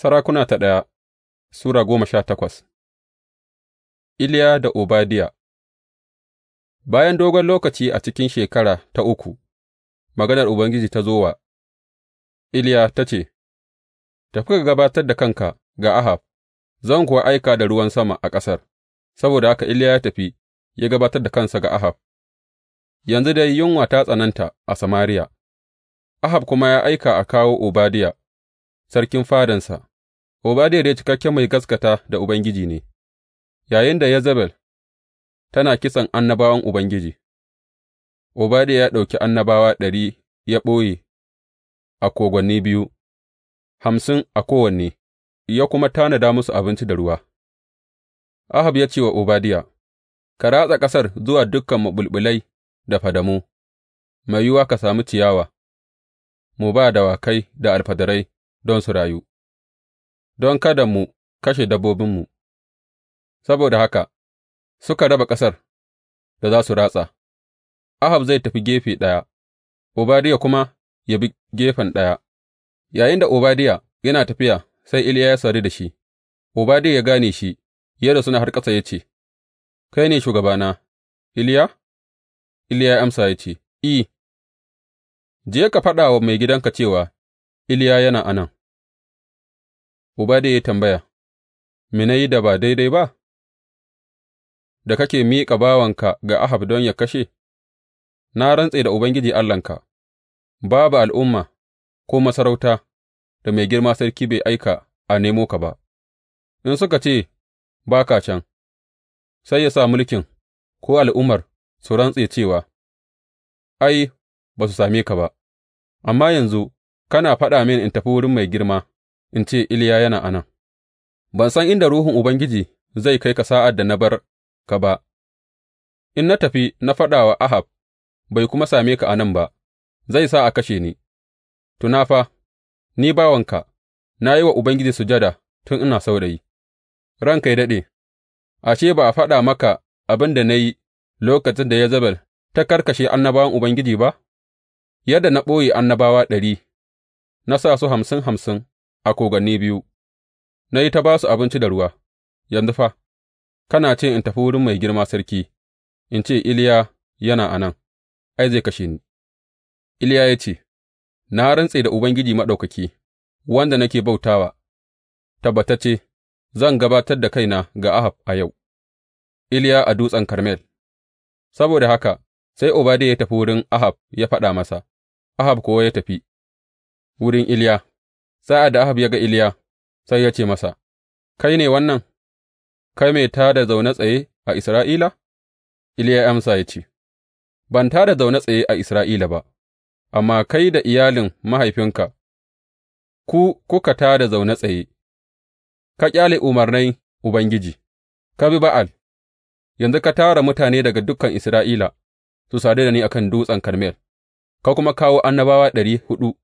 Sarakuna ta ɗaya Sura goma sha takwas Iliya da Obadiya Bayan dogon lokaci a cikin shekara ta uku, maganar Ubangiji ta zo wa Iliya ta ce, Tafi ka gabatar da kanka ga Ahab, zan kuwa aika da ruwan sama a ƙasar, saboda haka Iliya ya tafi ya gabatar da kansa ga Ahab. Yanzu dai yunwa ta tsananta a Samariya, Ahab kuma ya aika a kawo Obadiya, sarkin fadansa. Obadiya dai cikakken mai gaskata da Ubangiji ne, yayinda Yezebel tana kisan annabawan Ubangiji, Obadiya ya ɗauki annabawa ɗari ya ɓoye a kogwanni biyu, hamsin a kowanne, ya kuma tanada musu abinci da ruwa. Ahab ya ce wa Obadiya, Ka ratsa ƙasar zuwa dukkan maɓulɓulai da fadamu, mai yiwuwa ka sami ciyawa, mu ba dawakai da alfadarai don su rayu. don kada mu kashe dabbobinmu, saboda haka suka raba ƙasar da za su ratsa, Ahab zai tafi gefe ɗaya, Obadiya kuma ya bi gefen ɗaya, Yayin da Obadiya yana tafiya sai Iliya ya sari da shi, Obadiya ya gane shi, ya suna har ƙasa ya ce, Kai ne shugabana, Iliya? Iliya ya amsa ya ce, I, je ka faɗa wa mai gidanka cewa Iliya yana anan. Obadiya ya yi tambaya, Me na yi da ba daidai ba, da kake miƙa bawanka ga Ahab don yă kashe? Na rantse da Ubangiji Allahnka, babu al'umma ko masarauta da mai girma sarki bai aika a nemo ka ba, in suka ce ba ka can, sai ya sa mulkin ko al'ummar su rantse cewa, Ai, ba su same ka ba, amma yanzu kana faɗa min in tafi wurin mai girma. in ce, Iliya yana a nan, ban san inda Ruhun Ubangiji zai kai ka sa'ad da na bar ka ba, in na tafi na faɗa wa Ahab, bai kuma same ka a nan ba, zai sa a kashe ni, tunafa ni bawanka, na yi wa Ubangiji sujada tun ina saurayi, ranka yi daɗe, ashe, ba a faɗa maka abin da na yi lokacin da Yezebel ta karkashe annabawan Ubangiji ba, yadda na ɓoye annabawa ɗari, na sa su hamsin hamsin a kogwanni biyu, na yi ta ba su abinci da ruwa, yanzu fa, kana ce in tafi wurin mai girma sarki, in ce Iliya yana a nan, ai, zai kashe ni. Iliya ya ce, Na rantse da Ubangiji Maɗaukaki, wanda nake bautawa, tabbatacce zan gabatar da kaina ga Ahab a yau, Iliya a dutsen Karmel. Saboda haka, sai Obadiya ya tafi wurin Ahab ya faɗa masa, Ahab kuwa ya tafi wurin Iliya Sa'ad da Ahab ya ga Iliya, sai ya ce masa, Kai ne wannan, kai mai tā da zaune tsaye a Isra'ila? Iliya ya amsa ya ce, Ban tā da zaune tsaye a Isra'ila ba, amma kai da iyalin mahaifinka, ku kuka tā da zaune tsaye, ka ƙyale umarnai Ubangiji, ka bi Ba'al, yanzu ka tara mutane daga dukan Isra'ila su sadu da ni a kan dutsen Karmel, ka kuma kawo annabawa ɗari huɗu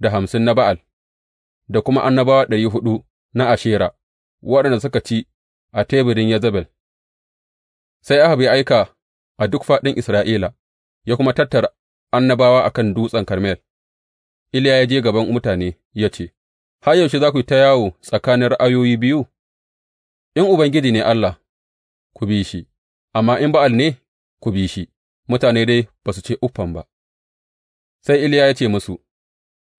da hamsin na Ba'al. da kuma annabawa ɗari huɗu na Ashera waɗanda suka ci a teburin Yezebel, sai Ahab ya aika a duk faɗin Isra'ila, ya kuma tattara annabawa a kan dutsen Karmel, Iliya ya je gaban mutane ya ce, Har yaushe za ku yi ta yawo tsakanin ra'ayoyi biyu? In Ubangiji ne Allah, ku bi shi, amma in Ba'al ne, ku bi shi, mutane dai ba su ce uffan ba. Sai Iliya ya ce musu,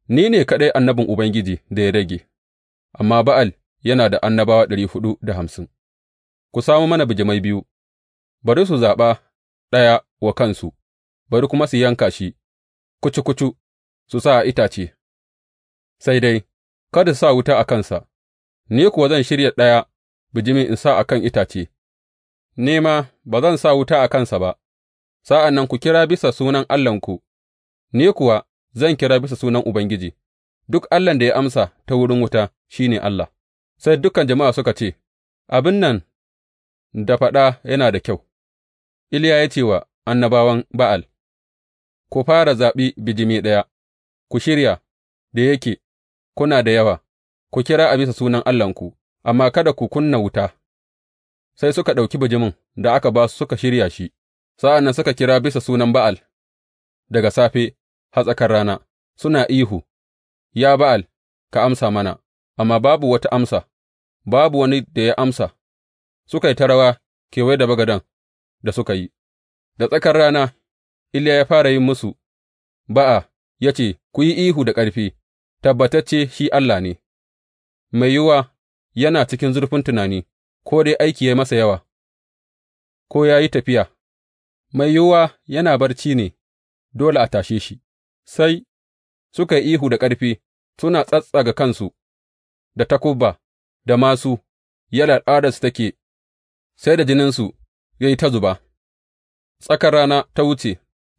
Ni ne kaɗai annabin Ubangiji da ya rage, amma Ba'al yana da annabawa ɗari hudu da hamsin, ku samo mana bijimai biyu, bari su zaɓa ɗaya wa kansu, bari kuma su yanka shi kucu kucu su sa a itace, sai dai, kada su sa wuta a kansa, ni kuwa zan shirya ɗaya bijimi in sa a kan itace, ni ma ba zan sa wuta a kansa ba, sa'an nan ku kira bisa sunan Allahnku, ni kuwa zan kira bisa sunan Ubangiji, duk Allahn da ya amsa ta wurin wuta shi ne Allah. Sai dukan jama'a suka ce, Abin nan da faɗa yana da kyau, Iliya ya ce wa annabawan Ba'al, Ku fara zaɓi bijimi ɗaya, ku shirya da yake kuna da yawa, ku kira a bisa sunan Allahnku, amma kada ku kunna wuta. Sai suka ɗauki bijimin da aka ba su suka shirya shi, sa'an nan suka kira bisa sunan Ba'al daga safe hatsakar rana, suna ihu, Ya Ba'al, ka amsa mana, amma babu wata amsa, babu wani da ya amsa, suka yi ta rawa kewaye da bagadan da suka yi, da tsakar rana, Iliya ya fara yin musu ba'a ya ce, Ku yi ihu da ƙarfi, tabbatacce shi Allah ne, mai yiwuwa yana cikin zurfin tunani, ko dai aiki ya masa yawa, ko ya yi tafiya, mai yiwuwa yana barci ne, dole a tashe shi. sai suka yi ihu da ƙarfi, suna tsattsaga kansu da takuba da masu, yadda su take, sai da jininsu ya yi ta zuba. Tsakar rana ta wuce,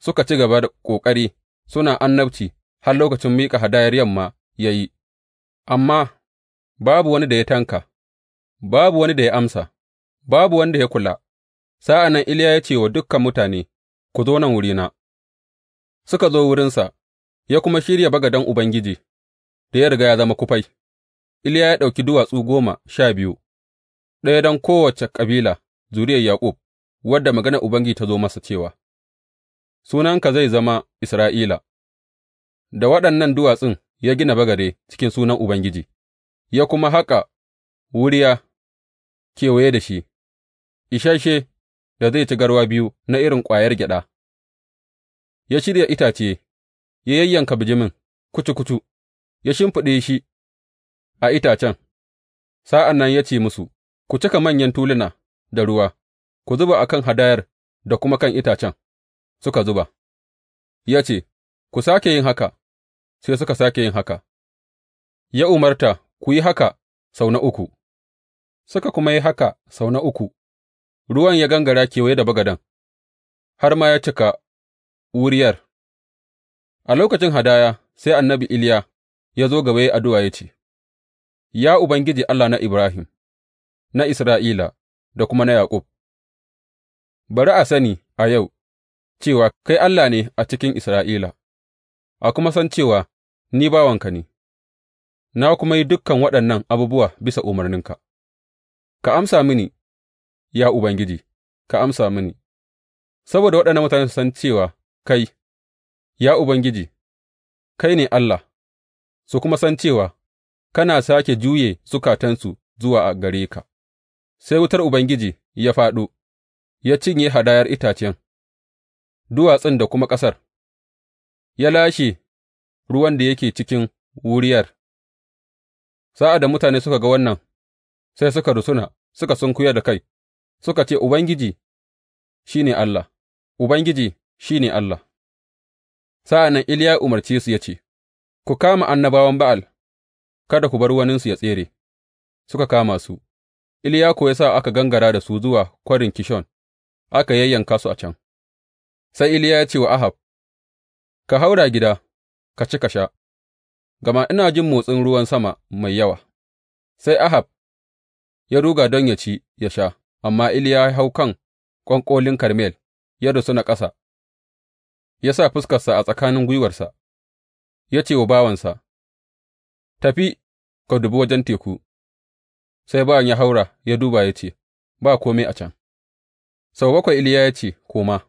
suka ci gaba da ƙoƙari, suna annabci har lokacin miƙa hadayar yamma ya yi, amma babu wani da ya tanka, babu wani da ya amsa, babu wanda ya kula. Sa'an nan Iliya ya ce wa dukkan mutane, Ku zo nan wurina, suka zo wurinsa. ya kuma shirya bagaden Ubangiji da ya riga ya zama kufai, Iliya ya ɗauki duwatsu goma sha biyu, ɗaya don kowace kabila zuriyar Yaƙub, wadda maganar Ubangiji ta zo masa cewa, Sunanka zai zama Isra'ila, da waɗannan duwatsun ya gina bagade cikin sunan Ubangiji, ya kuma haƙa wuriya kewaye da shi, isasshe da zai ci garwa biyu na irin ƙwayar gyaɗa, ya shirya itace ya yayyanka bijimin kucu kucu, ya shimfiɗa shi a itacen, sa'an nan ya ce musu, Ku cika manyan tuluna da ruwa, ku zuba a kan hadayar da kuma kan itacen, suka zuba, ya ce, Ku sāke yin haka, sai suka sāke yin haka, ya umarta, Ku yi haka sau na uku, suka kuma yi haka sau na uku, ruwan ya gangara kewaye da bagadan, har ma ya cika wuriyar. A lokacin hadaya sai annabi Iliya ya zo gaba ya yi addu'a ya ce, Ya Ubangiji Allah na Ibrahim, na Isra'ila da kuma na Yaƙub, bari a sani a yau cewa kai Allah ne a cikin Isra'ila, a kuma san cewa ni bawanka ne, na kuma yi dukkan waɗannan abubuwa bisa umarninka. Ka amsa mini, ya Ubangiji, ka amsa mini, saboda waɗannan mutane su san cewa kai. Ya Ubangiji, kai ne Allah, su kuma san cewa kana sake juye sukatansu zuwa a gare ka, sai wutar Ubangiji ya fāɗo, ya cinye hadayar itacen, duwatsun da kuma ƙasar, ya lashe ruwan da yake cikin wuriyar. Sa'ad da mutane suka ga wannan, sai suka rusuna, suka sunkuyar da kai, suka ce, Ubangiji shi ne Allah, Ubangiji shi ne Allah. Sa'an nan Iliya ya umarce su ya ce, Ku kama annabawan Ba'al, kada ku bar waninsu ya tsere, suka kama su, Iliya kuwa ya sa aka gangara da su zuwa kwarin Kishon, aka yayyanka su a can. Sai Iliya ya ce wa Ahab, Ka haura gida, ka ci ka sha, gama ina jin motsin ruwan sama mai yawa. Sai Ahab ya ruga don ya ci, ya sha, amma Iliya ya hau kan ƙwanƙolin Karmel ya na ƙasa ya sa fuskarsa a tsakanin gwiwarsa, ya ce wa bawansa, Tafi, ka dubi wajen teku, sai bawan ya haura ya duba ya ce, Ba kome a can. Sau bakwai Iliya ya ce, Koma.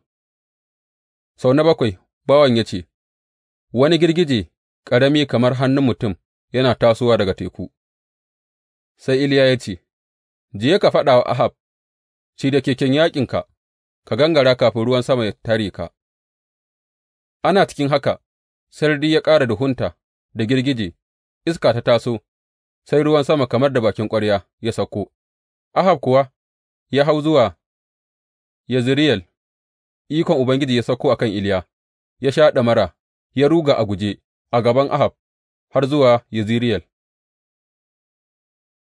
Sau na bakwai bawan ya ce, Wani girgije ƙarami kamar hannun mutum yana tasowa daga teku. Sai Iliya ya ce, Je ka faɗa wa Ahab, shi da keken yaƙinka, ka gangara kafin ruwan sama ya tare ka. Ana cikin haka, sarari ya ƙara duhunta da girgije, iska ta taso, sai ruwan sama kamar da bakin ƙwarya ya sauko, Ahab kuwa ya hau zuwa Yezireyel, ikon Ubangiji ya sauko a kan Iliya, ya sha ɗamara, ya ruga a guje a gaban Ahab har zuwa Yezireyel.